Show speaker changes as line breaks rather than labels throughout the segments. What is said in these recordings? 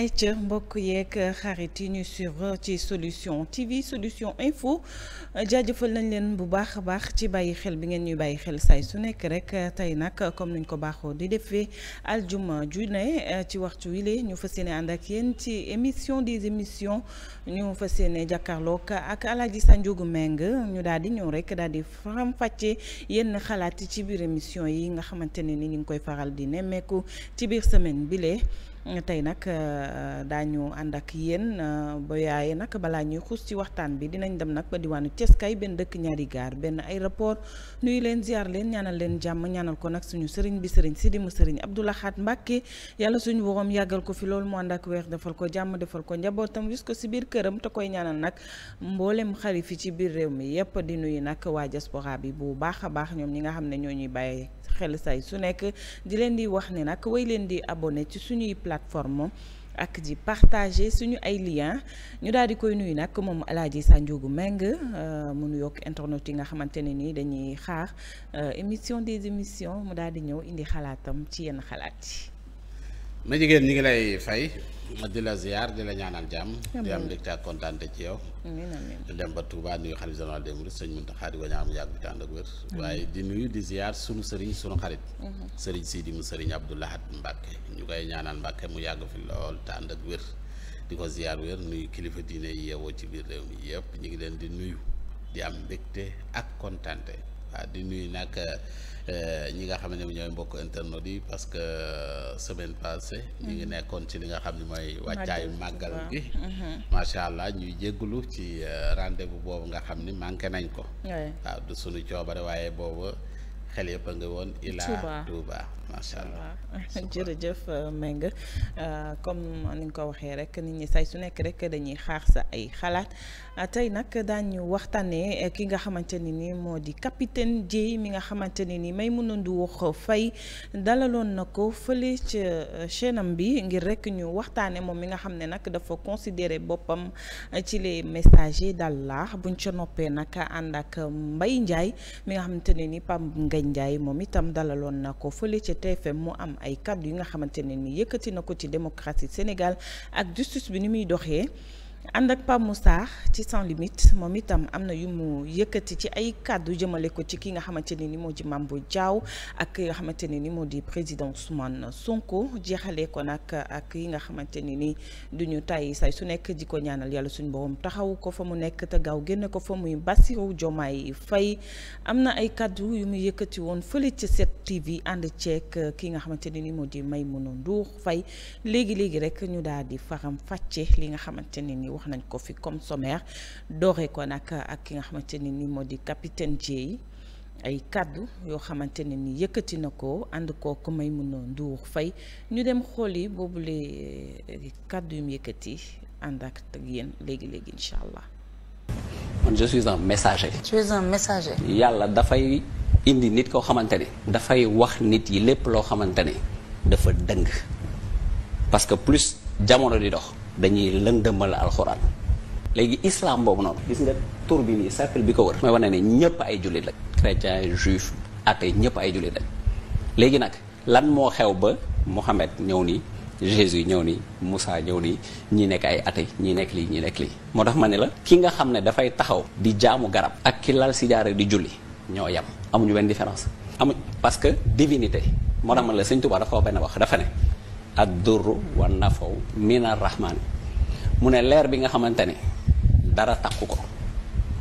ay ca mbokk yeeg xarit yi ñuy suivre ci solution TV solution info jaajëfal nañ leen bu baax a baax ci bàyyi xel bi ngeen ñuy bàyyi xel saay su nekk rek tey nag comme nañ ko baaxoo di defee aljuma ju ne ci waxtu wile ñu fas yéene ànd ak yéen ci émission des émissions ñu fas yéene jàkkaarloog ak sa Sanjoogu Meng ñu daal di ñëw rek daal di faram-fàccee yenn xalaat ci biir émissions yi nga xamante ne ni ñu ngi koy faral di nemmeeku ci biir semaine bile. tey nag euh, euh, daañu ànd ak yéen euh, ba yaaye nag balaa ñuy xuus ci waxtaan bi dinañ dem nag ba diwaanu Thiès kay benn dëkk ñaari gaar benn aéroport nuyu leen ziar leen ñaanal leen jàmm ñaanal ko nag suñu sëriñ bi sëriñ Sidi mu sëriñ Abdou Lahad Mbacké yàlla suñu borom yàggal ko fi loolu moo ànd ak weer defal ko jàmm defal ko njabootam wis ko si biir këram te koy ñaanal nag mboolem xari fi ci biir réew mi yépp di nuyu nag waa diaspora bi bu baax a baax ñoom ñi nga xam ne ñoo ñuy bàyyee xel say su nekk di leen di wax ne nag way leen di abonné ci suñuy plateforme ak ji partager suñu ay lien ñu daal di koy nuyu nag moom Alaaji Sanjoogu Meng euh, mu yokk internet yi nga xamante ne nii dañuy xaar euh, émission des émissions mu daal di ñëw indi xalaatam ci yenn xalaat yi
ma jigéen ñi ngi lay fay di la ziar di la ñaanal jàmm di am mbégte ak kontaante ci yow dem ba Touba nuyu xarit général des mourides sëñ mun di ko ñaan mu yàgg bi tànd ak wér waaye di nuyu di ziar sunu sëriñ sunu xarit mm-hmm. sëriñ Sidi mu sëriñ Abdou Lahad Mbàkke ñu koy ñaanal Mbàkke mu yàgg fi lool tànd ak wér di ko ziar wér nuyu kilifa diine yi yeewoo ci biir réew mi yëpp ñu ngi leen di nuyu di am mbégte ak kontaante waaw di nuyu nag Euh, ñi nga xam ne ñooy mbokk internautes yi parce que euh, semaine passée. ñu ngi mm-hmm. nekkoon ci li nga xam ne mooy. wàccaayu màggal gi. Mm-hmm. macha allah ñuy jégglu ci euh, rendez-vous boobu nga xam ni manqué nañ ko. waaw du sunu coobare waaye boobu xel yëpp a nga woon. Ila Touba macha allah
jërëjëf euh, Mbengue euh, comme ni nga ko waxee rek nit ñi say su nekk rek dañuy xaar sa ay xalaat euh, tey nag daañu waxtaanee ki nga xamante ne ni moo di capitaine Dièye mi nga xamante ne ni Maimouna Ndour Faye dalaloon na ko fële ca chaîne am bi ngir rek ñu waxtaanee moom mi nga xam ne nag dafa considéré boppam ci les messagers d'Allah buñ ca noppee nag ànd ak Mbaye Ndiaye mi nga xamante ne ni Pape Ngagne Ndiaye moom itam dalaloon na ko fële ca TFM mu am ay kàddu yi nga xamante ne ni yëkkati na ko ci démocratie Sénégal ak justice bi ni muy doxee. ànd ak Pape Moussa ci sans limite moom itam am na yu mu yëkkati ci ay kàddu jëmale ko ci ki nga xamante ne ni moo di Mambo Diaw ak ki xamante ne ni moo di président Ousmane Sonko jeexalee ko nag ak yi nga xamante ne ni du ñu tàyyi say su nekk di ko ñaanal yàlla suñu borom taxaw ko fa mu nekk te gaaw génn ko fa muy Bassirou Diomaye Faye am na ay kàddu yu mu yëkkati woon fële ci 7TV ànd ceeg nga xamante ne ni moo di Maymouna Ndour Faye léegi léegi rek ñu daal faram fàcce li nga xamante ne ni wax nañ ko fi comme sommaire dooree ko nag ak ki nga xamante ne ni moo di capitaine Dièye ay kàddu yoo xamante ne ni yëkkati na ko ànd koo ko may mun a nduur fay ñu dem xool yi boobule eh, kàddu yu mu yëkkati ànd ak ak yenn léegi léegi incha allah. man je suis un messager.
yàlla dafay indi nit koo xamante ne. dafay wax nit yi lépp loo xamante ne dafa dëng parce que plus jamono di dox. dañuy lëndëmal alxuraan léegi islam boobu noonu gis nga tur bi nii bi ko wër mooy wane ne ñëpp ay jullit la chrétien juif athée ñëpp ay jullit la léegi nag lan moo xew ba Mohamed ñëw nii Jésus ñëw nii Moussa ñëw nii ñi nekk ay athée ñi nekk lii ñi nekk lii moo tax ma ne la ki nga xam ne dafay taxaw di jaamu garab ak ki lal si jaare di julli ñoo yam amuñu benn différence amuñ parce que divinité moo tax ma ne la Sëñ Tuubaa dafa wax benn wax dafa ne ad durru wa nafaw mina rahmaani mu ne leer bi nga xamante ne dara takku ko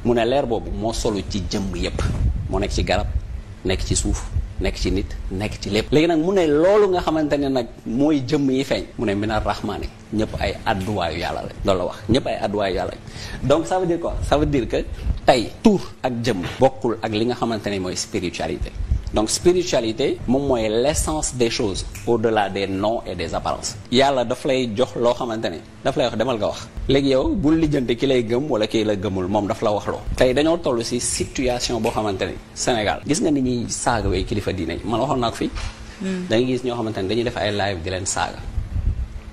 mu ne leer boobu moo solu ci jëmm yépp moo nekk ci garab nekk ci suuf nekk ci nit nekk ci lépp léegi nag mu ne loolu nga xamante ne nag mooy jëm yi feeñ mu ne mina rahmaani ñëpp ay adduwaayu yàlla la loolu la wax ñëpp ay adduwaayu yàlla la donc ça veut dire quoi ça veut que tey tur ak jëm bokkul ak li nga xamante ne mooy spiritualité donc spiritualité moom mooy l'essence des choses au-delà des noms et des apparences yàlla daf lay jox loo xamante ne daf lay wax demal nga wax léegi yow bul lijjante ki lay gëm wala kii la gëmul moom daf la wax loo tey dañoo toll si situation boo xamante ne Sénégal gis nga ni ñuy saaga saagawee kilifa diine yi man waxoon naa ko fii hmm. da gis ñoo xamante ne dañuy def ay live di leen saaga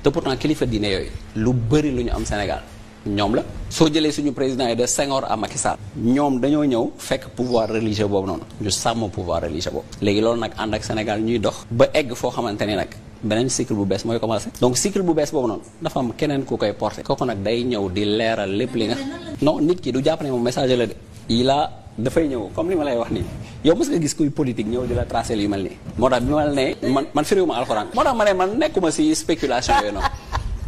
te pourtant kilifa diine yooyu lu bëri lu ñu am Sénégal ñoom la soo jëlee suñu président yi de Senghor à Macky Sall ñoom dañoo ñëw fekk pouvoir religieux boobu noonu ñu sàmm pouvoir religieux boobu léegi loolu nag ànd ak Sénégal ñuy dox ba egg foo xamante ni nag beneen cycle bu bees mooy commencé donc cycle bu bees boobu noonu dafa am keneen ko koy porté kooku nag day ñëw di leeral lépp li nga no nit ki du jàpp ne moom la de il a dafay ñëw comme li ma lay wax nii yow mës nga gis kuy politique ñëw di la tracé moo tax bi man man firiwuma alxuraan ma ne man nekkuma si spéculation yooyu noonu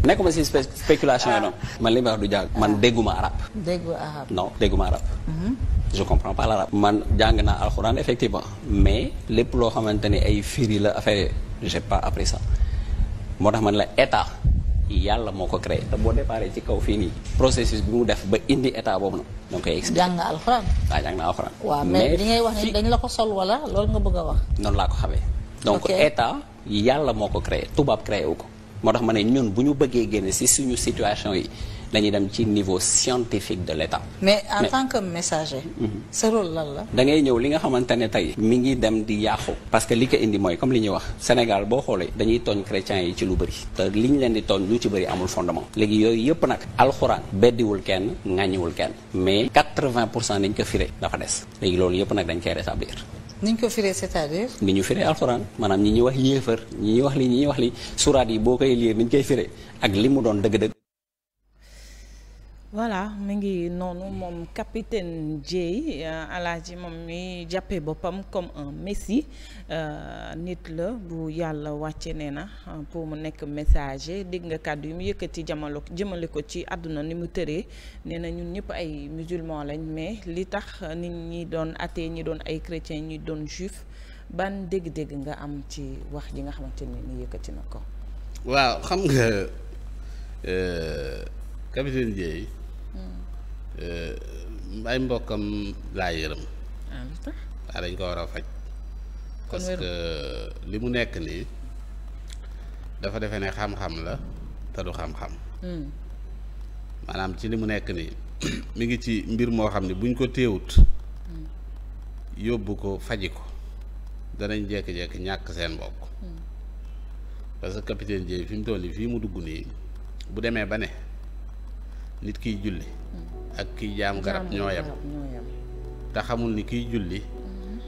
nekkuma si spéculation man li ma wax du jàng man ah. dégguma arab. déggu arab non dégguma arab. Mhm. je comprends pas l'arabe. man jàng naa alxuraan effectivement mais lépp loo xamante ni ay firi la affaire j'ai pas appris moo tax man la état yàlla moo ko créé te boo déparé ci kaw fii nii processus bi mu def ba indi état boobu na donc koy expliqué. jàng ah, na alxuraan. waaw jàng na alxuraan. waaw mais li ngay wax
ni dañ la ko sol wala loolu nga bëgg a wax.
noonu laa ko xamee. donc état yàlla moo ko créé tubaab créer wu ko. moo tax ma ne ñun bu ñu bëggee génne si suñu situation yi dañuy dem ci niveau scientifique de l'état
mais en mais, tant que messager. Mhm. sa rôle lan la.
dangay ñëw li nga xamante ne tey. mi ngi dem di yàqu. parce que li ko indi mooy comme li ñuy wax Sénégal boo xoolee. dañuy tooñ chrétiens yi ci lu bëri. te li ñu leen di tooñ lu ci bëri amul fondement. léegi yooyu yëpp nag alxuraan. beddiwul kenn ŋàññiwul kenn. mais 80 pour cent dañ ko firé dafa des. léegi loolu yëpp nag dañ koy rétablir.
ni ko firee c'est-à-dire.
ni ñu firee alxuraan maanaam ñi ñuy wax yéefar ñi ñuy wax li ñi ñuy wax li suraat yi boo koy liir ni ñu koy firee ak li mu doon dëgg-dëgg.
voilà mu ngi noonu moom capitaine Dieye euh, alaaji moom mi jàppe boppam comme un messie euh, nit la bu yàlla wàcce nee na euh, pour mu nekk messager dégg nga kàddu yi mu yëkkati jamalo jëmale ko ci àdduna ni mu tëree nee na ñun ñëpp ay musulman lañ mais li tax nit ñi doon athée ñi doon ay chrétien ñi doon juif ban dégg-dégg nga am ci wax ji nga xamante ni ni yëkkati na ko
waaw xam nga capitaine Dieye mbay hmm. eh, mbokkam laa yërëm
waaw
ah, ah, dañ ko war a faj parce li mu nekk nii dafa defe ne xam-xam la te du xam-xam hmm. maanaam ci li mu nekk nii mi ngi ci mbir moo xam ne buñ ko téewut hmm. yóbbu ko faji ko danañ jékki-jékki ñàkk seen mbokk parce que capitaine Dièye fi mu toll fii mu dugg nii bu demee ba ne nit kiy julli mm. ak kiy jaam garab ñoo yem te xamul ni kiy julli mm-hmm.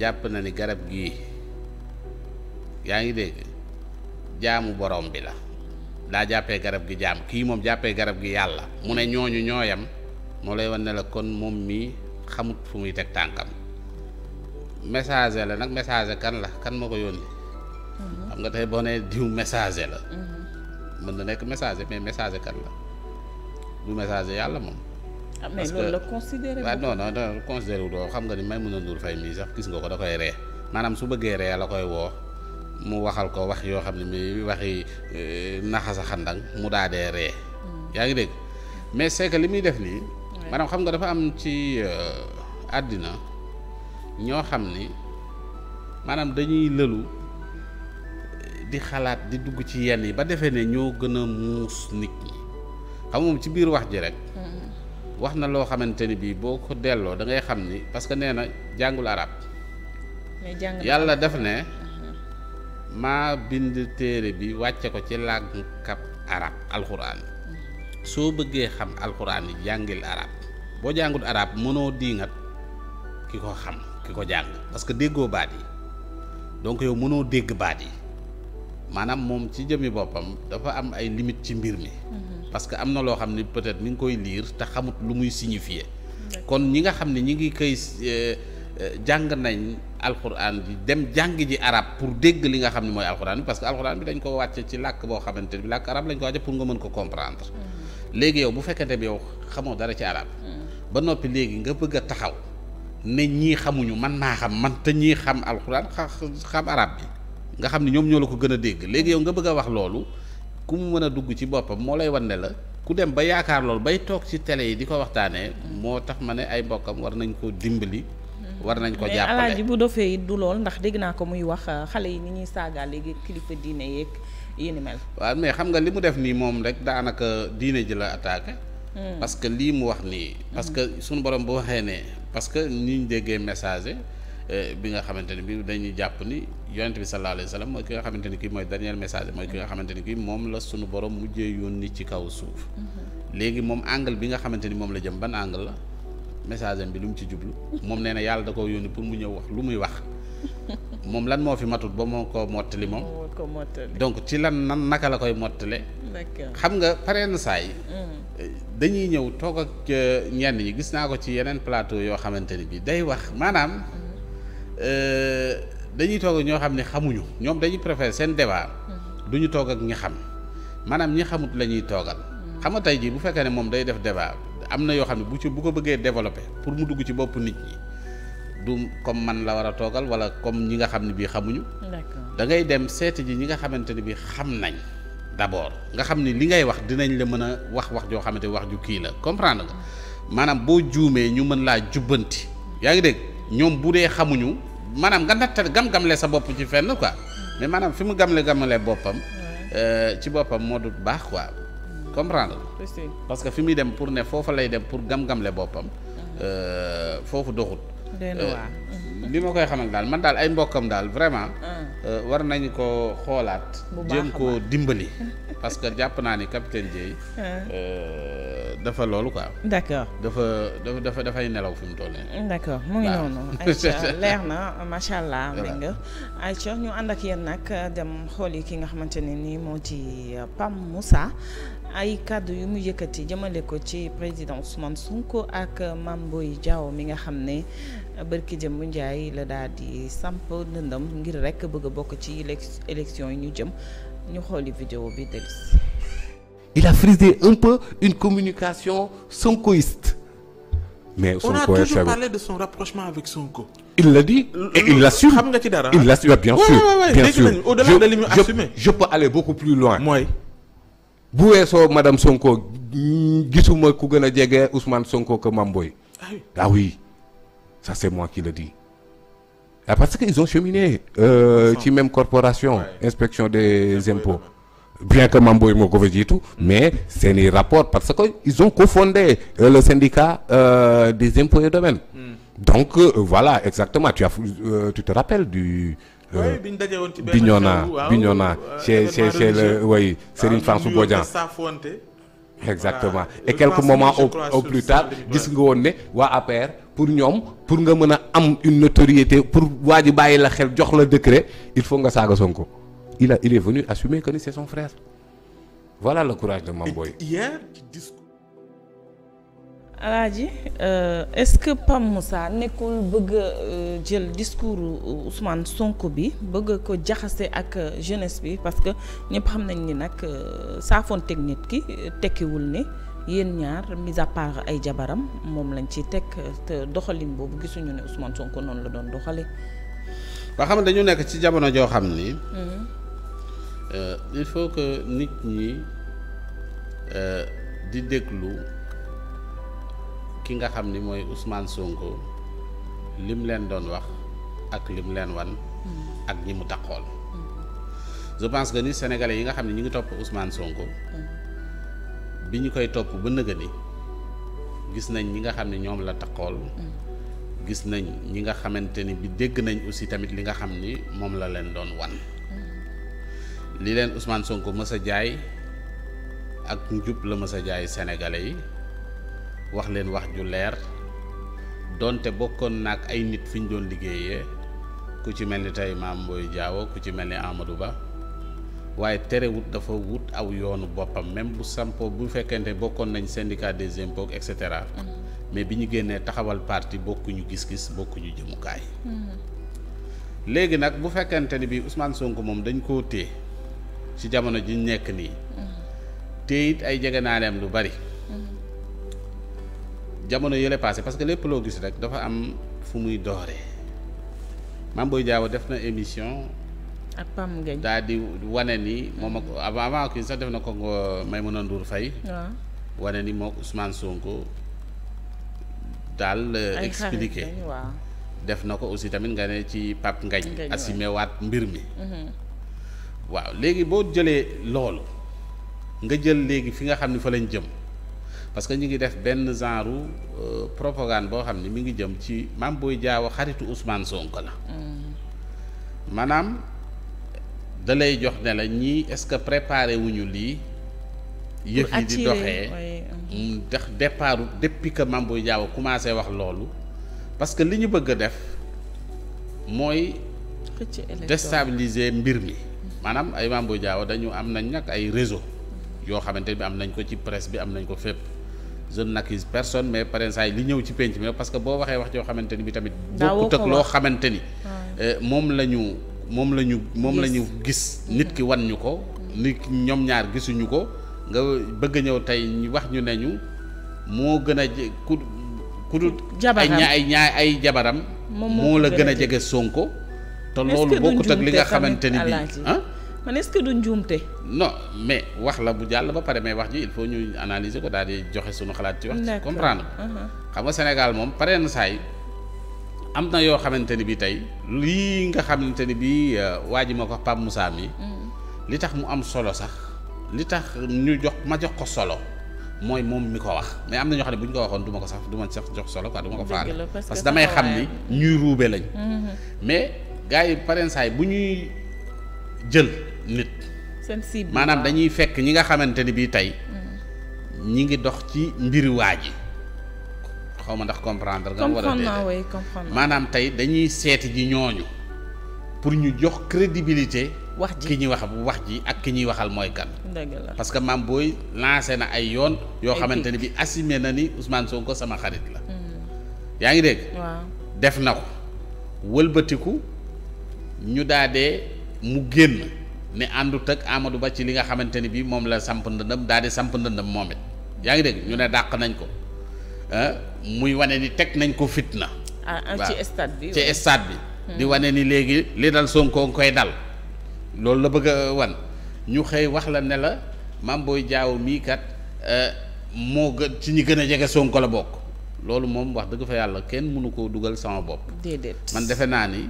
jàpp na ni garab gii yaa ngi dégg jaamu borom bi la daa jàppee garab gi jaam kii moom jàppee garab gi yàlla mu ne ñooñu ñooyam moo lay wan ne la kon moom mii xamut fu muy teg tànkam message la nag message kan la kan moo ko yónni mm-hmm. xam nga tey boo nee diw message la mm-hmm. mën na nekk message mais message kan la du message yàlla moom.
Ah,
parce que
loolu la
considéré waaw non non
non considéré wu doo xam nga ni Maimouna Ndour Faye mii sax gis nga ko da koy ree maanaam su bëggee ree la koy woo mu waxal ko wax yoo xam ne mi waxi euh, naxa mu daa dee ree
hmm.
yaa ngi dégg mais c'est li muy def nii. maanaam xam nga dafa am ci euh, àddina ñoo xam ni maanaam dañuy lëlu di xalaat di dugg ci yenn yi ba defee ne ñoo gën a muus nit ñi. xam ci biir wax ji rek. Mm-hmm. wax na loo xamante ni bii boo ko delloo da ngay xam ni parce que nee na jàngul arab yàlla def ne mm-hmm. maa bind téere bi wàcce ko ci lànkab arab alxuraan mm-hmm. soo bëggee xam alxuraan yi jàngil arab boo jàngul arab mënoo diingat ki ko xam ki ko jàng parce que déggoo baat yi donc yow mënoo dégg baat yi maanaam moom ci jëmi boppam dafa am ay limite ci mbir mi parce que am na loo xam ne peut-être mi ngi koy liir te xamut lu muy signifier kon ñi nga xam ne ñi ngi koy euh, jàng nañ alxuraan bi dem jàng ji arab pour dégg li nga xam ne mooy alxuraan bi parce que alxuraan bi dañ ko wàcce ci làkk boo xamante ne bi làkk arab lañ ko wàcce pour nga mën ko comprendre
mm.
léegi yow bu fekkente bi yow xamoo dara ci arab mm. ba noppi léegi nga bëgg a taxaw ne ñii xamuñu man naa xam man te ñii xam alxuraan xam arab bi nga xam ne ñoom ñoo la ko gën a dégg léegi yow nga bëgg a wax loolu ku mu mën a dugg ci boppam moo lay wan ne la ku dem ba yaakaar loolu bay toog ci télé yi di ko waxtaanee moo tax ma ne ay mbokkam war nañ koo dimbali. Mm.
war nañ ko jàppale mais alaaji bu dofee it du lool ndax dégg naa ko muy wax euh, xale yi ni ñuy saagaa léegi kilifa diine yeeg yi ni mel.
waaw mais xam nga li mu def nii moom rek daanaka diine ji la attaqué.
Mm.
parce
que lii mu wax nii. parce mm. que suñu borom bu waxee ne parce que ni ñu déggee message. Eh, bi nga xamante ne bi dañuy jàpp ni yonent bi sallallahu alayhi wa sallam mooy ki nga xamante ni kii mooy dernier message mooy ki nga xamante ni kii moom la sunu borom mujjee yónni ci kaw suuf mm-hmm. léegi moom angle bi nga xamante ni moom la jëm ban angle la message am bi lu ci jublu moom nee na yàlla da koo yónni pour mu ñëw wax lu muy wax moom lan moo fi matut ba moo ko mottali moom donc ci lan nan naka la koy mottale xam nga pare na saa yi
mm.
eh, dañuy ñëw toog ak eh, ñenn ñi gis naa ko ci yeneen plateau yoo xamante ni bi day wax Euh, dañuy toog ñoo xam ne xamuñu ñoom dañuy préférer seen débat
mm-hmm.
du ñu toog ak ñi xam maanaam ñi xamut la ñuy toogal mm-hmm. xam nga tey jii bu fekkee ne moom day def débat am na yoo xam ne bu ci bu ko bëggee développer pour mu dugg ci bopp nit ñi du comme man la war a toogal wala comme ñi nga xam ne bii xamuñu da ngay dem seeti ji ñi nga xamante ne bii xam nañ d'abord nga xam ne li ngay wax dinañ la mën a wax wax joo xamante wax ju kii la comprendre nga mm-hmm. maanaam boo juumee ñu mën laa jubbanti yaa ngi dégg ñoom bu xamuñu maanaam nga nattal gam-gamle sa bopp ci fenn ko mais maanaam fi mu gamle gamle boppam. Euh, ci boppam moo dul baax quoi. Mm. comprendre parce que fi muy dem pour ne foofa lay dem pour gam-gamle boppam. Mm. Euh, foofu doxut. li ma koy xamal daal man daal ay mbokkam daal vraiment. Ah. Euh, war nañu ko xoolaat. jéem koo dimbali. parce que jàpp naa ni capitaine Dieye. Ah. Euh, dafa loolu quoi. d' accord dafa dafa dafay nelaw fi mu toll nii.
d' accord mu ngi noonu. Aïcha leer na macha allah. nga Aïcha ñu ànd ak yéen nag dem xool yi ki nga xamante ne nii moo ci euh, Pam Moussa. ay kàddu yu mu yëkkati jëmale ko ci président Ousmane Sonko ak Mame jaaw mi nga xam ne bërki jëm Ndiaye la daal di samp ndëndam ngir rek bëgg bokk ci élection yi ñu jëm ñu xooli vidéo bi dellusi
il a frisé un peu une communication sonkoïste mais on a
son rapprochement il l'a dit et il l'assume xam nga ci dara
il l'assume bien sûr bien sûr je peux aller beaucoup plus loin. mooy bu weesoo madame Sonko gisuma ku gën a jege Ousmane Sonko que Mame Boye ah oui ah ça c'est moi qui le dis ah, parce que ils ont cheminé euh, ci même corporation inspection des impôts bien que Mame Boye moo ko fa jiitu mais seeni rapport parce que ils ont cofondé euh, le syndicat euh, des impôts et domaines hmm. donc euh, voilà exactement euh, tu te rappelles du Euh, oui bi ñu daje woon ci benn Bignona Bignona chez chez chez le oui Serigne ah, Fansou Bodian exactement et quelques moments au plus tard gis nga woon ne waa APR pour ñoom pour nga mën a am une notoriété pour waa ji bàyyi la xel jox la décret il faut nga saaga son ko a il est venu assumer ko ni c'est frère voilà le courage de Mamboy
hier Alaaji euh, est-ce que Pape Moussa nekkul bëgg a euh, jël discours Ousmane Sonko bi bëgg ko jaxase ak euh, jeunesse bi parce que ñëpp xam nañ ni nag euh, saafoon teg nit ki tekkiwul ne yéen ñaar mis à part ay jabaram moom lañ ci teg te doxalin boobu gisuñu ne Ousmane Sonko noonu la doon doxale
ba xam ne dañu nekk ci jamono joo xam ni.
Mhm.
il faut que nit ñi di déglu. ki nga xam ni mooy Ousmane Sonko lim leen doon wax ak li mu leen wan.
Mm.
ak ñi mu taxool mm. je pense que ni sénégalais yi nga xam ne ñu ngi topp Ousmane Sonko. Mm. bi ñu koy topp ba nëgë ni gis nañ ñi nga xam ne ñoom la taxool gis nañ ñi nga xamante ni bi dégg nañ aussi tamit li nga xam ni moom la leen doon wan li leen Ousmane Sonko mës a jaay ak njub la mës a jaay sénégalais yi wax leen wax ju leer donte bokkoon nag ay nit fi ñu doon liggéeyee ku ci mel ni tey maam Mboy Diawo ku ci mel ni Amadou Ba waaye terewut dafa wut aw yoonu boppam même bu sampo bu fekkente bokkoon nañ syndicat des impôts et cetera mm-hmm. mais bi ñu génnee taxawal parti bokkuñu gis-gis bokkuñu jëmukaay. Mm-hmm. léegi nag bu fekkante ni bi usmaan sonk moom dañ ko téye ci jamono ji nekk nii. Mm-hmm. téye it ay jegenaaleem lu bari. jamono yële passé parce que lépp loo gis rek dafa am fu muy dooree Mame Boye def na émission. ak Pam Gueye daal di wane ni moom ak avant kii sax def na ko euh, Maimouna Ndour Faye. waaw wane ni moo Ousmane Sonko daal. Euh, expliqué def na ko aussi tamit nga ne ci Pape Ngagne assumé waat mbir mi. Mhm. waaw léegi boo jëlee loolu nga jël léegi fi nga xam ni fa lañ jëm. parce que ñu ngi def benn genre euh, propagande boo xam ne mi ngi jëm ci Mame Boye Diao xaritu Ousmane Sonko la mm. maanaam da jox ne ñii est-ce que préparé wuñu lii yëf yi di doxee
mm-hmm.
mm, ndax départ depuis que Mame Boye Diao commencé wax loolu parce que li ñu bëgg a def mooy
déstabiliser
mbir mi maanaam ay Mame Boye Diao dañu am nañ nag ay réseau mm-hmm. yoo xamante bi am nañ ko ci presse bi am nañ ko fépp je n'accuse personne mais par exemple li ñëw ci penc mi parce que boo waxee wax joo xamante ni bi tamit bokkut ak loo xamante ni euh, moom la ñu moom la ñu moom la ñu gis nit ki wan ñu ko nit ñoom ñaar gisuñu ko nga bëgg a ñëw tey ñu wax ñu ne ñu moo gën a ku ku dul ay ñaa ay ñaa ay jabaram
moo la gën a jege
Sonko te loolu bokkut ak li nga xamante ni bi man est-ce que du njuumte. non mais wax la bu jàll ba pare mais wax ji il faut ñuy analyser ko daal di joxe suñu xalaat ci wax ci comprendre uh-huh. xam nga Sénégal moom pare na saay yi am na yoo xamante ne bi tey nga xamante ni bi euh, waa ji ma ko Pape Moussa mi
mm.
li tax mu am solo sax li tax ñu jox ma jox ko solo mooy moom mi ko wax mais am na ñoo xam ne bu ñu ko waxoon du ma ko sax du ma sax jox solo quoi du ko faale parce que damay xam ni ñuy ruube lañ mm-hmm. mais gars yi parents yi bu ñuy jël nit maanaam dañuy fekk ñi nga xamante ni bii tey
mm.
ñi ngi dox ci mbiri xaw ma ndax comprendre nga wala
déedéet
maanaam tey dañuy seeti ji ñooñu pour ñu jox crédibilité wax ji ki ñuy wax wax ji ak ki ñuy waxal mooy kan parce que maam booy lancé na ay yoon yoo xamante ni bi assumé na ni Ousmane ko sama xarit la mm. yaa ngi dégg def na ko wëlbatiku ñu daadee mu génn ne àndu ak Amadou Ba ci li nga xamante ni bii moom la samp ndëndam daal di samp ndëndam moom it yaa ngi dégg ñu ne dàq nañ ko ah, muy wane ni teg nañ ko fitna.
Ah, ah, waaw ci stade bi ci stade bi. Hmm. di wane
ni léegi li dal Sonko nga koy dal loolu la bëgg a wan ñu xëy wax la ne la Mame Boye Diao mii kat eh, moo gën ci ñi gën a jege Sonko la bokk loolu moom wax dëgg fa yàlla kenn mënu koo dugal sama bopp.
déedéet man defe
naa ni.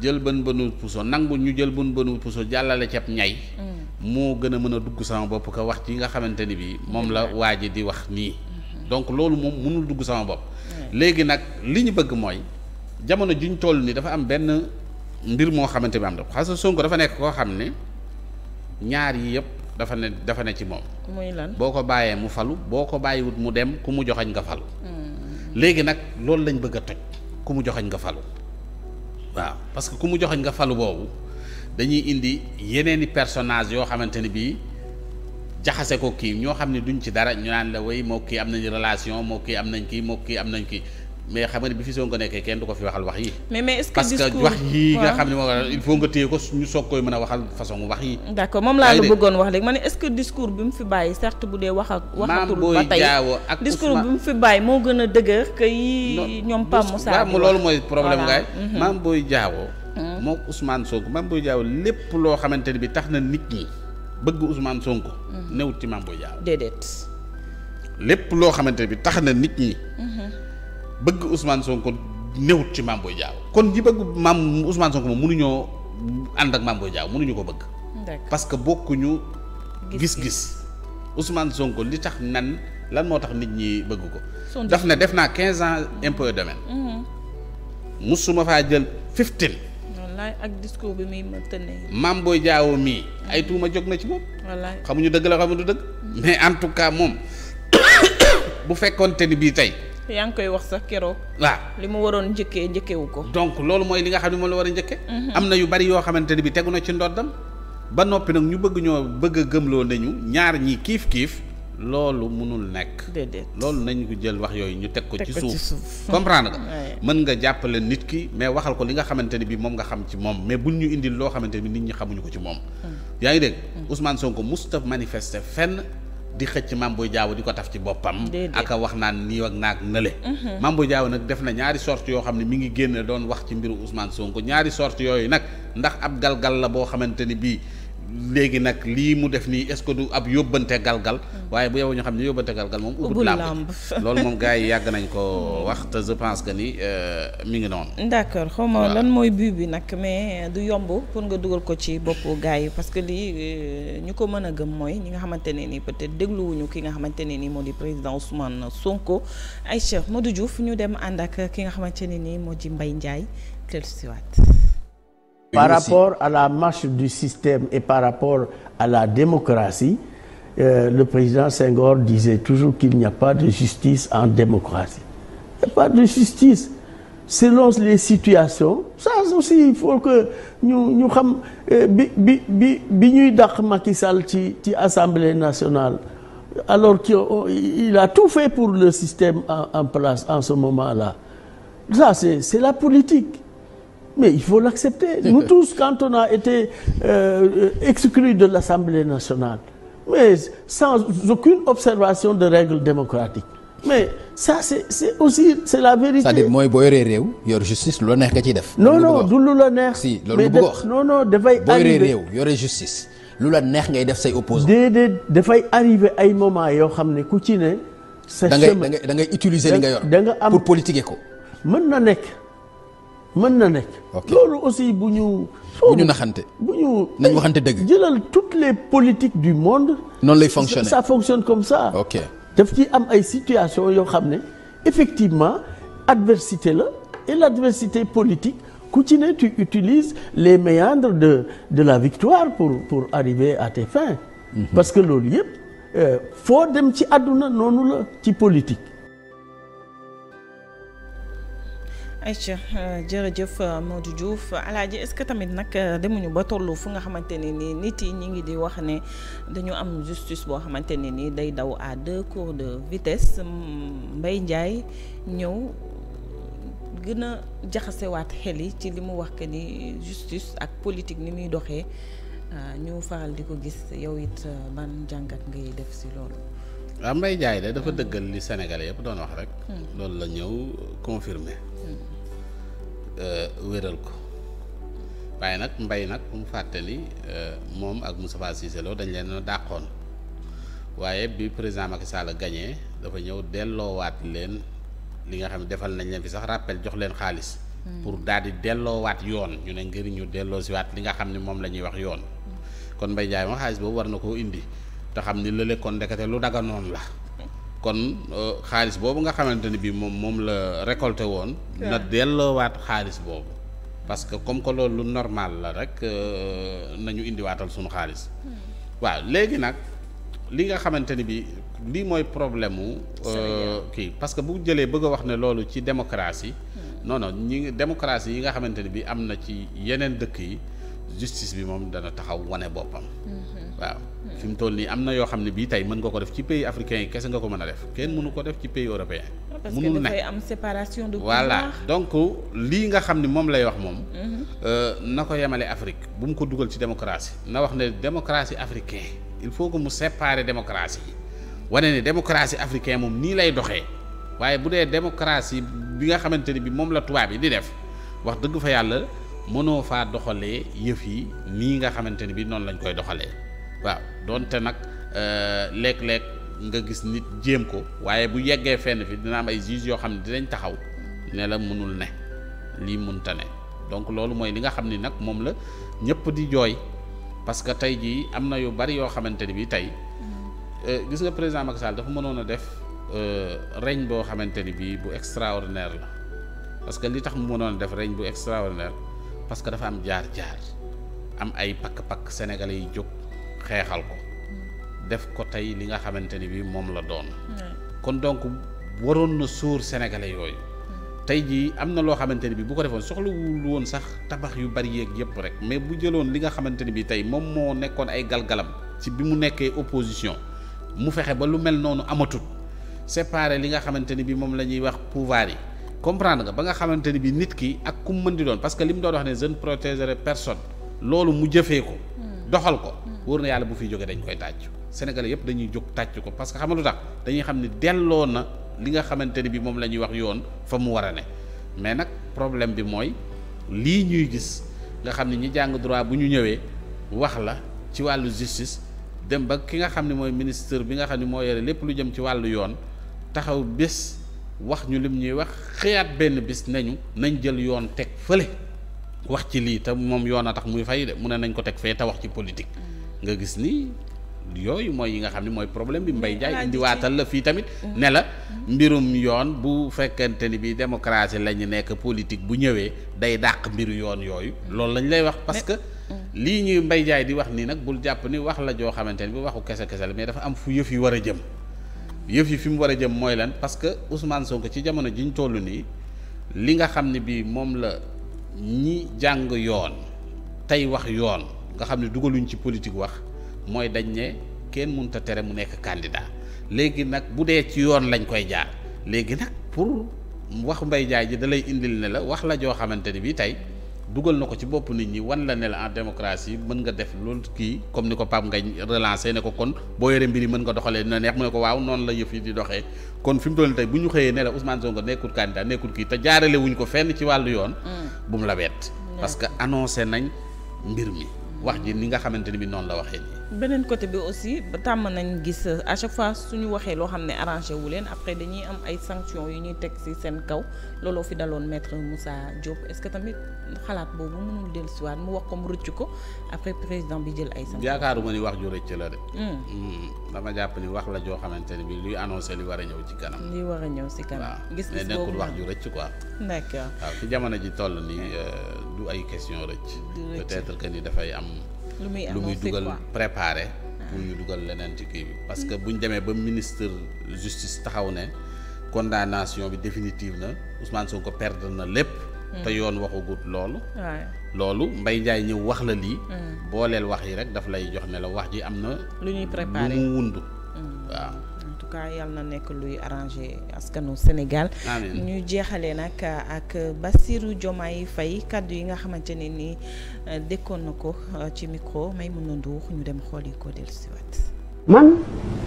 jël bën bënu puso nangu ñu jël bën bënu puso jàllale ceeb ñay mm. moo gën a mën a dugg sama bopp ko wax ci nga xamante ni bii moom la waa ji di wax nii mm-hmm. donc loolu moom mënul dugg sama bopp léegi nag li ñu bëgg mooy jamono juñ toll ni dafa am benn mbir moo xamante bi am da xasa Sonko dafa nekk koo xam ne ñaar yi yëpp dafa ne dafa ne ci moom muy lan boo ko bàyyee mu falu boo ko bàyyiwut mu dem ku mu joxañ nga falu
mm.
léegi nag loolu lañ bëgg a toj ku mu joxañ nga falu waaw parce que ku mu joxoñ nga falu boobu dañuy indi yeneeni personnage yoo xamante ne bii jaxase ko kii ñoo xam ne duñ ci dara ñu naan la way moo kii am nañu relation moo kii am nañ kii moo kii am nañ kii mais xam nga ne bi fi Sonko nekkee kenn ko fi waxal wax yi.
mais mais est-ce que discours parce que wax yi nga xam ne
a waxal
moom laa la bëggoon wax léegi ma ne est-ce que discours bi mu fi bàyyi certes moo gën a dëgër que
yi ñoom Pape Moussa. waaw loolu mooy problème gaay Mame mhm. Boye Diao. Mhm. moo Ousmane Sonko Mame Boye Diao lépp loo xamante ne bi tax na nit ñi bëgg Ousmane Sonko. Mhm. newut ci Mame Boye Diao.
déedéet.
lépp loo xamante ne bi tax na nit ñi bëgg Ousmane Sonko néewut ci Mame Boye Diao kon ñi bëgg maam Ousmane Sonko moom mënuñoo ànd ak Mame Boye Diao mënuñu ko bëgg. parce que bokkuñu. gis-gis Ousmane Sonko li tax nan lan moo tax nit ñi bëgg ko. daf na def naa quinze ans impôt domaine. Mhm. musuma faa jël 15.
wallaay ak discours bi muy tënnee.
Mame Boye Diao mii. ay mhm. tuuma jog na ci moom. wallaay xamuñu dëgg la xamuñu dëgg. Mhm. mais en tout cas moom bu fekkoonte ni bii tey.
yaa ngi koy wax sax keroog.
waaw li mu
waroon njëkkee njëkkewu
ko. donc loolu mooy li nga xam ne moom la war a njëkke mhm. am na yu bari yoo xamante ne bi tegu na ci ndoddam ba noppi nag ñu bëgg ñoo bëgg a gëmloo nañu ñaar ñi kiif kiif loolu mënul nekk. déedéet loolu nañ ko jël wax yooyu ñu teg ko ci suuf comprendre nga. mën nga jàppale nit ki mais waxal ko li nga xamante ne bi moom nga xam ci moom mais buñ ñu indil loo xamante ne bi nit ñi xamuñu ko ci moom. Hmm. yaa ngi dégg hmm. di xëcc Mame Boye Diao di ko taf ci boppam aka a wax naan nii ak naag nële mhm. Mame Boye nag def na ñaari sortie yoo xam ne mi ngi génn doon wax ci mbiru Ousmane Sonko ñaari sortie yooyu nag ndax ab gal la boo xamante ni bii léegi nag lii mu def nii est du ab yóbbante galgal waaye bu yow ñoo xam ne yóbbante galgal moom ubbul làmb loolu moom gars yi yàgg nañ ko hmm. wax te je pense que ni euh, ngi noonu
d'accord xaw ma lan mooy but bi nag mais euh, du yomb pour nga dugal ko ci boppu gars yi parce que lii euh, ñu ko mën a gëm mooy ñi nga xamante ne nii peut-être dégluwuñu ki nga xamante ne nii moo di président Ousmane Sonko ay chef Modou Diouf ñu dem ànd ak ki nga xamante ne nii moo ci mbay Ndiaye dellusiwaat par rapport
à la marche du système et par rapport à la démocratie euh, le président Senghor disait toujours qu'il n'y a pas de justice en démocratie il n'y a pas de justice selon les situations ça aussi il faut que ñu ñu xam euh, bi bi bi ñuy dàq Macky Sall ci ci assemblée nationale alors qu'il oh, a tout fait pour le système en, en place en ce moment-là ça c'est la politique mais il faut l'accepter nous tous quand on a été euh, exclus de l'Assemblée nationale mais sans aucune observation de règles démocratiques mais ça c'est c'est aussi
c'est la vérité mooy boo yoree réew yor justice lu la neex nga ciy def non non du lu la neex si loolu bëgg wax
non non dafay boo yoree réew lu la neex ngay def say opposants déedéet dafay arrivé ay moment yoo xam ne ku ci ne sa chemin da ngay da ngay utiliser li nga yor da nga am pour politiquer ko mën na nekk mën na nekk. loolu aussi bu ñu. bu ñu naxante. bu ñu nañ waxante dëgg. jëlal toutes les politiques du monde. noonu lay fonctionner ça fonctionne comme ça. ok daf ci am ay situation yoo xam ne effectivement adversité la et l'adversité politique ku ci ne tu utilises les méandres de de la victoire pour pour arriver à tes fins. Mhm. parce que loolu yëpp euh, foo dem ci àdduna noonu la ci politique.
Aïcha euh, jërëjëf euh, Modou Diouf alaaji est-ce que tamit nag euh, demuñu ba tollu fu nga xamante ne nii nit yi ñu ngi di wax ne dañu am justice boo xamante ne nii day daw à deux cours de vitesse mbay njaay ñëw gën a jaxasewaat xel yi ci li mu wax que ni justice ak politique ni muy doxee ñu faral di ko gis yow it ban jàngat ngay def si loolu.
waaw Mbaye Ndiaye de ko dëggal li Sénégalais yëpp doon wax rek. Hmm. loolu la ñëw confirmer Euh, wéral ko waaye nag mbay nag mu fàttali euh, moom ak Moustapha Cissé Lo dañ leen a dàqoon waaye bi président Macky Sall gagné dafa ñëw delloowaat leen li nga xam ne defal nañ leen fi sax rappel jox leen xaalis. Hmm. pour daal di delloowaat yoon ñu ne ngir ñu delloosiwaat li nga xam ni moom la ñuy wax yoon. Hmm. kon mbay Ndiaye moom xaalis boobu war na koo indi te xam ni la lekkoon ndekete lu daganoon la. kon euh, xaalis boobu nga xamante ni bii moom moom la récolté woon. na delloowaat xaalis boobu. parce que comme que loolu lu normal la rek euh, nañu indiwaatal suñu xaalis. Hmm. waaw léegi nag li nga xamante ni bii lii mooy problème mu. Euh, kii parce que bu jëlee bëgg a wax ne loolu ci démocratie. Hmm. non non ñi démocratie yi nga xamante ni bii am na ci yeneen dëkk yi justice bi moom dana taxaw wane boppam. Hmm. waaw. fi mu toll nii am na yoo xam ne bii tey mën nga ko def ci pays africain yi kese nga ko mën a def kenn mënu ko def ci pays européen
mënul ne am séparation de pouvoir
donc lii nga xam ne moom lay wax moom mhm. euh, na ko yemale Afrique bu mu ko dugal ci démocratie na wax ne démocratie africain il faut que mu séparer démocratie yi wane ne démocratie africain moom nii lay doxee waaye bu dee démocratie bi nga xamante ni bi moom la tubaab yi di def wax dëgg fa yàlla mënoo faa doxalee yëf yi nii nga xamante ni bi noonu lañ koy doxalee waaw donte nag euh, léeg-léeg nga gis nit jéem ko waaye bu yeggee fenn fi dina am ay juge yoo xam ne dinañ taxaw ne la mënul ne lii mënta ne donc loolu mooy li nga xam ni nag moom la ñëpp di jooy parce que tey jii am na yu bari yoo xamante ni bi tey euh, gis nga président Macky Sall dafa mënoon a def euh, reñ boo xamante ni bii bu extraordinaire la parce que li tax mu mënoon a def reñ bu extraordinaire parce que dafa am jaar-jaar am ay pakk-pakk sénégalais yi jóg. xeexal ko
mm.
def ko tey li nga xamante ni bi moom la doon mm. kon donc waroon na sóor sénégalais yooyu mm. tey jii am na loo xamante ni bi bu ko defoon soxlawul woon sax tabax yu bari yeeg yëpp rek mais bu jëloon li nga xamante ni bi tey moom moo nekkoon ay galgalam ci bi mu nekkee opposition mu fexe ba lu mel noonu amatut séparer li nga xamante ni bi moom la ñuy wax pouvar yi comprendre nga ba nga xamante ni bi nit ki ak ku mën di doon parce que li mu doon wax ne je ne protégerai personne loolu mu jëfee ko doxal ko wóor na yàlla bu fiy jógee dañ koy tàcc sénégalais yëpp dañuy jóg tàcc ko parce que xam nga tax dañuy xam ne delloo na li nga xamante ne bi moom la ñuy wax yoon fa mu war a ne mais nag problème bi mooy lii ñuy gis nga xam ne ñi jàng droit bu ñu ñëwee wax la ci wàllu justice dem ba ki nga xam ne mooy ministre bi nga xam ne moo yore lépp lu jëm ci wàllu yoon taxaw bés wax ñu lim ñuy wax xëyaat benn bés nañu nañ jël yoon teg fële wax ci lii te moom yoon a tax muy fay de mu ne nañ ko teg fee te wax ci politique nga gis ni yooyu mooy yi nga xam ne mooy problème bi Mbaye Ndiaye indiwaatal la fii tamit mm-hmm. ne la mbirum yoon bu fekkente ni bi démocratie la ñu nekk politique bu ñëwee day dàq mbiru yoon yooyu loolu lañ lay wax parce que mm-hmm. lii ñuy Mbaye Ndiaye di wax nii nag bul jàpp ni wax la joo xamante ni bi waxu kese kese la mais dafa am fu yëf yi war a jëm yëf yi fi mu war a jëm mooy lan parce que Ousmane Sonko ci jamono ji ñu toll nii li nga xam ne bii moom la ñi jàng yoon tey wax yoon nga xam ne dugaluñu ci politique wax mooy dañ ne kenn mënut a tere mu nekk candidat léegi nag bu dee ci yoon lañ koy jaar léegi nag pour wax mbay jaay ji da lay indil ne la wax la joo xamante ni bii tey dugal na ko ci bopp nit ñi wan la ne la en démocratie mën nga def loolu kii comme ni ko Pape nga relancé ne ko kon boo yore mbir yi mën nga doxalee dina neex mu ne ko waaw noonu la yëf yi di doxee kon fi mu toll nii tey bu ñu xëyee ne la Ousmane Sonko nekkul candidat nekkul kii te jaarale wuñ ko fenn ci wàllu yoon. Mm. bu mu la wet mm. parce que annoncé nañ mbir mi. wax ji ni nga xamante ni bi noonu la waxee nii.
beneen côté bi aussi tàmm nañ gis à chaque fois suñu waxee loo xam ne arrangé wu leen après dañuy am ay sanctions yu ñuy teg ci seen kaw looloo fi daloon maître Moussa Diop est-ce que tamit xalaat boobu mënul dellusiwaat mu wax ko mu rëcc ko après président bi jël ay sanctions.
yaakaaruma ni wax ju rëcc la de. Hmm. Hmm. dama jàpp ni wax la joo xamante ne bi luy annoncé li war a ñëw ci kanam.
li war a ñëw ci kanam. gis-gis boobu nekkul wax ju rëcc quoi. d'accord
fi jamono ji toll nii euh, du ay question rëcc. peut-être que ni dafay lu muy lu muy dugal préparé ah. pour ñu dugal leneen ci kii bi parce que bu ñu demee ba ministre justice taxaw ne condamnation bi définitive na Ousmane ko perdre na lépp te hmm. yoon waxagut loolu loolu mbay Ndiaye ñëw wax la lii hmm. booleel wax yi rek daf lay jox ne la wax ji am na
lu ñuy préparé lu mu wund hmm. waaw cas yàlla na nekk luy arrangé askanu Sénégal. ñu jeexalee nag ak Bassirou Diomaye fay kàddu yi nga xamante ne nii euh, dékkoon na ko euh, ci micro may mun na nduux ñu dem xool yi ko dellusiwaat.
man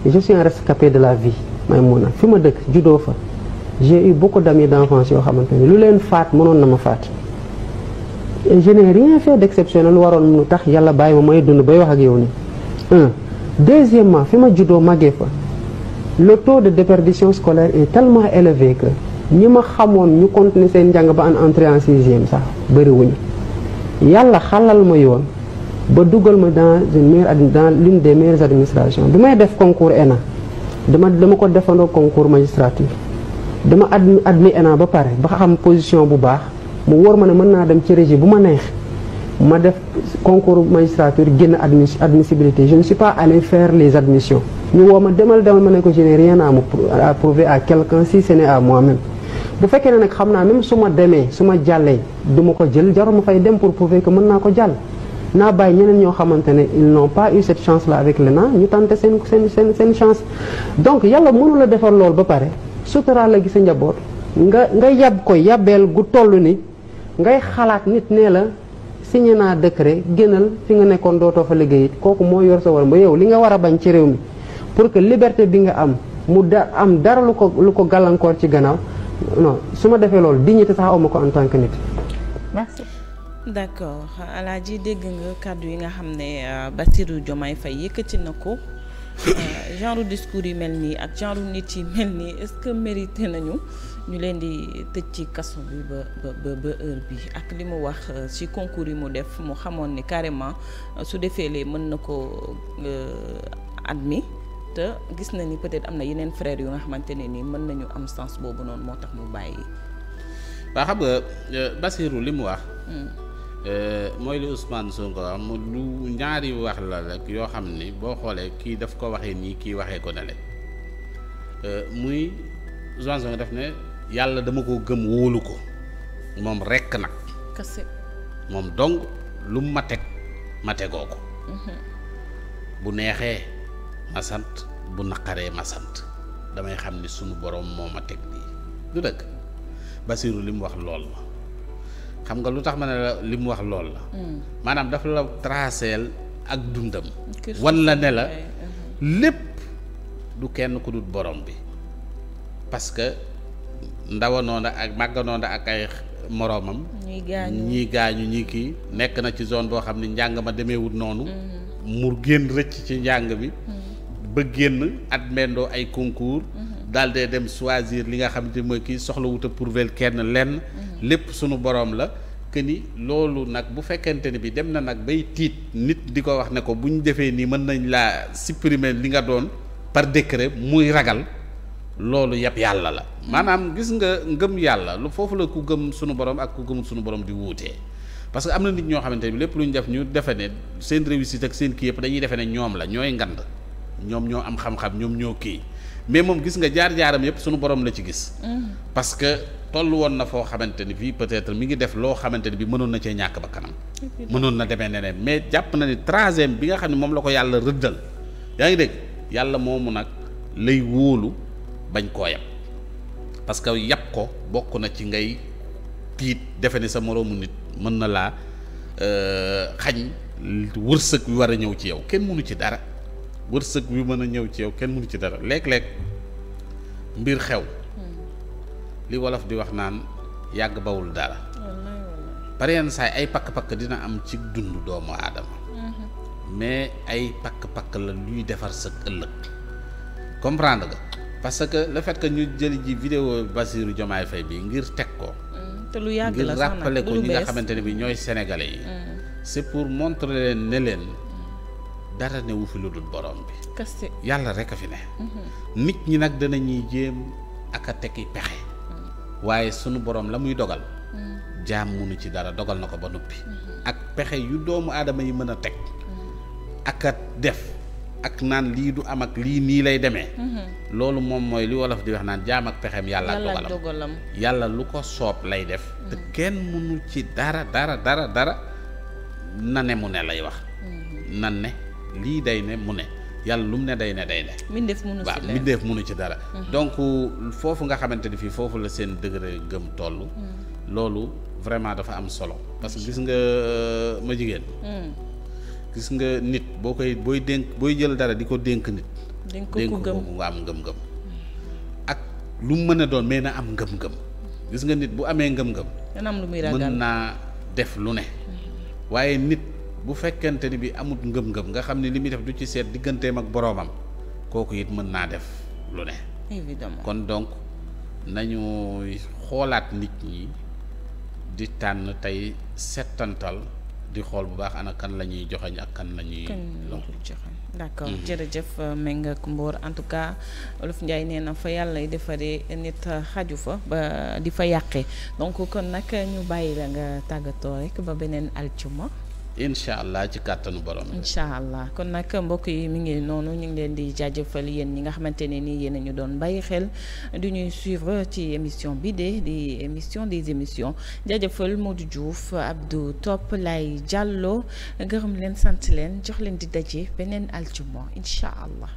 je suis un de la vie may mun na fi ma dëkk juddoo fa j'ai eu beaucoup d'amis d'enfance yoo xamante ni lu leen faat mënoon na ma faat. et je n'ai rien fait d'exceptionnel waroon mu tax yàlla bàyyi ma may dund bay wax ak yow ni un fi ma juddoo maggee fa. le taux de déperdition scolaire et tellement élevé que ñi ma xamoon ñu continuer seen njàng ba en entrée en sixième sax bëriwuñu yàlla xalal ma yoon ba dugal ma dans une dans l'une de maire administrations bi may def concours ENA dama dama ko defandoo concours magistrature dama admi admis ENA ba pare ba xam position bu baax mu wóor ma ne mën naa dem ci régie bu ma neex ma def concours magistrature génn admis admissibilité je ne suis pas allé faire les admissions ñu woo ma demal demal ma ne ko je n'ai rien à à prouver à quelqu'un si ce n'est à moi-même bu fekkee ne nag xam naa même su ma demee su ma jàllee du ko jël jarul ma fay dem pour prouver que mën naa ko jàll naa bàyyi ñeneen ñoo xamante ne non n'ont pas eu cette chance là avec l'ENA ñu tenté seen seen seen seen chance donc yàlla mënu la defar lool ba pare suturaal la gis njaboot nga nga yab ko yabeel gu toll ni ngay xalaat nit nee la signé naa décret génnal fi nga nekkoon dootoo fa liggéey kooku moo yor sa war ba yow li nga war a bañ ci réew mi pour que liberté bi nga am mu da am dara lu ko lu ko gàllankoor ci gannaaw non su ma defee loolu di dignité sax awma ko en tant que nit
merci d'accord Alaaji dégg nga kàddu yi nga xam ne euh, Bassirou Diomaye Faye yëkkati na ko euh, genre discours yi mel nii ak genre nit yi mel nii est-ce que mérité nañu ñu leen di tëj ci kaso bi ba ba ba heure bi ak li mu wax ci euh, concours yi mu def mu xamoon ni carrément euh, su defee lee mën na ko euh, admis te gis na ni peut-être am na yeneen frères yu nga xamante ne ni mën nañu am sens boobu noonu moo tax mu bàyyi.
waaw xam nga Basirou li mu wax. Hmm. mooy li Ousmane Sonko wax mu lu ñaari wax la rek yoo xam ni boo xoolee kii daf ko waxee nii kii waxee ko ne le muy Ousmane Sonko ne. yàlla dama koo gëm wóolu ko moom rekk nag moom dong lu ma teg ma tegoo ko mhm. bu neexee ma sant bu naqaree ma sant damay xam ni sunu boroom moo ma teg lii du dëgg Basiru li mu wax lool la xam nga lu tax ma ne la li mu wax lool la mm. maanaam dafa la traceel ak dundam
wan la ne la eh, eh.
lépp du kenn ku dul borom bi parce ndawa noona ak màgga ak ay moroomam
ñii
gaañu ñii kii nekk na ci zone boo xam ne njàng ma demeewul noonu mm-hmm. mu génn rëcc ci njàng bi mm-hmm. ba génn admendoo ay concours mm-hmm. daal dee dem choisir li nga xamante mooy kii soxla wut a kenn lenn lépp sunu boroom la que ni loolu nag bu fekkente ni bi dem na nag bay tiit nit di ko wax ne ko bu ñu defee nii mën nañ laa supprimer li nga doon par décret muy ragal loolu yab yàlla la mm. maanaam gis nga ngëm yàlla lu foofu la ku gëm sunu borom ak ku gëmul sunu borom di wuutee parce que am na nit ñoo xamante ni lépp lu ñu def ñu defe ne seen réussite ak seen kii yëpp dañuy defe ne ñoom la ñooy ngand ñoom ñoo am xam-xam ñoom ñoo kii mais moom gis nga jaar-jaaram yëpp sunu borom la ci gis. Mm. parce que toll woon na foo xamante ni fii peut-être mi ngi def loo xamante ni bi mënoon na cee ñàkk ba kanam. mënoon na demee neneen mais jàpp na ni troisième bi nga xam ne moom la ko yàlla rëddal yaa ngi dégg yàlla moomu nag lay wóolu bañ koo yab parce que yab ko bokk na ci ngay tiit defe ne sa moroomu nit mën na laa euh, xañ wërsëg war a ñëw ci yow kenn mënu ci dara wërsëg wi mën a ñëw ci yow kenn mënu ci dara léeg-léeg mbir xew hmm. li wolof di wax naan yàgg bawul dara par yenn saa ay pakk-pakk dina am ci dund doomu aadama
hmm.
mais ay pakk-pakk la luy defar sa ëllëg comprendre nga parce que la fait ñu jëli ji vidéo Bassirou Diomaye fay bi ngir teg ko.
Mm, te lu yàgg la ngir rappelé ko ñi nga xamante ne
bi ñooy sénégalais yi.
Mm.
c' est pour montrer leen ne leen mm. dara newu fi lu dul borom bi. kese yàlla rek a fi ne. Mm-hmm. nit ñi nag danañuy jéem ak a tekki pexe. waaye sunu borom la muy dogal. jaam munu ci dara dogal na ko ba noppi. Mm-hmm. ak pexe yu doomu aadama yi mën a teg. Mm-hmm. ak a def. ak naan lii du am ak lii nii lay demee. Mhm. loolu moom mooy li wolof di wax naan jaam ak pexem yàlla ak dogalam yàlla lu ko soob lay def. te mhm. kenn mënu ci dara dara dara dara na ne mu ne lay wax. Mhm. nan ne lii day ne mu ne yàlla lu mu ne day ne day ne.
mbindeef mënu
ci dara waaw mbindeef
mënu ci dara. donc foofu nga xamante ni fii foofu la seen degré gëm toll. loolu vraiment dafa am solo. parce que gis nga ma jigéen. gis nga nit boo koy booy dénk booy jël dara di ko dénk nit.
dénk
ko
nga am ngëm-ngëm. ak lu mu mën a doon mais na am ngëm-ngëm gis nga nit bu amee ngëm-ngëm.
dana am muy ragal mën
naa def lu ne. waaye nit bu fekkente ni bi amut ngëm-ngëm nga xam ne li muy def du ci seet digganteem ak boroomam kooku it mën naa def lu ne. kon donc nañu xoolaat nit ñi di tànn tey settantal. di xool bu baax an ana kan la ñuy joxañ ak kan la ñuy. d' jëf
jërëjëf euh, Mbengue Mbour en tout cas Olof Ndiaye nee na fa yàlla defaree nit euh, xaju fa
ba di fa yàqee
donc kon nag ñu bàyyi la nga tàggatoo rek ba beneen altuma
incha allah ci kàttanu borom.
incha allah kon nag mbokk yi mi ngi noonu ñu ngi leen di jaajëfal yéen ñi nga xamante ne nii yéen a ñu doon bàyyi xel di ñuy suivre ci émission bi de di émission des émissions jaajëfal Modou Diouf Abdou Top Lay Diallo gërëm leen sant leen jox leen di daje beneen aljuma incha allah.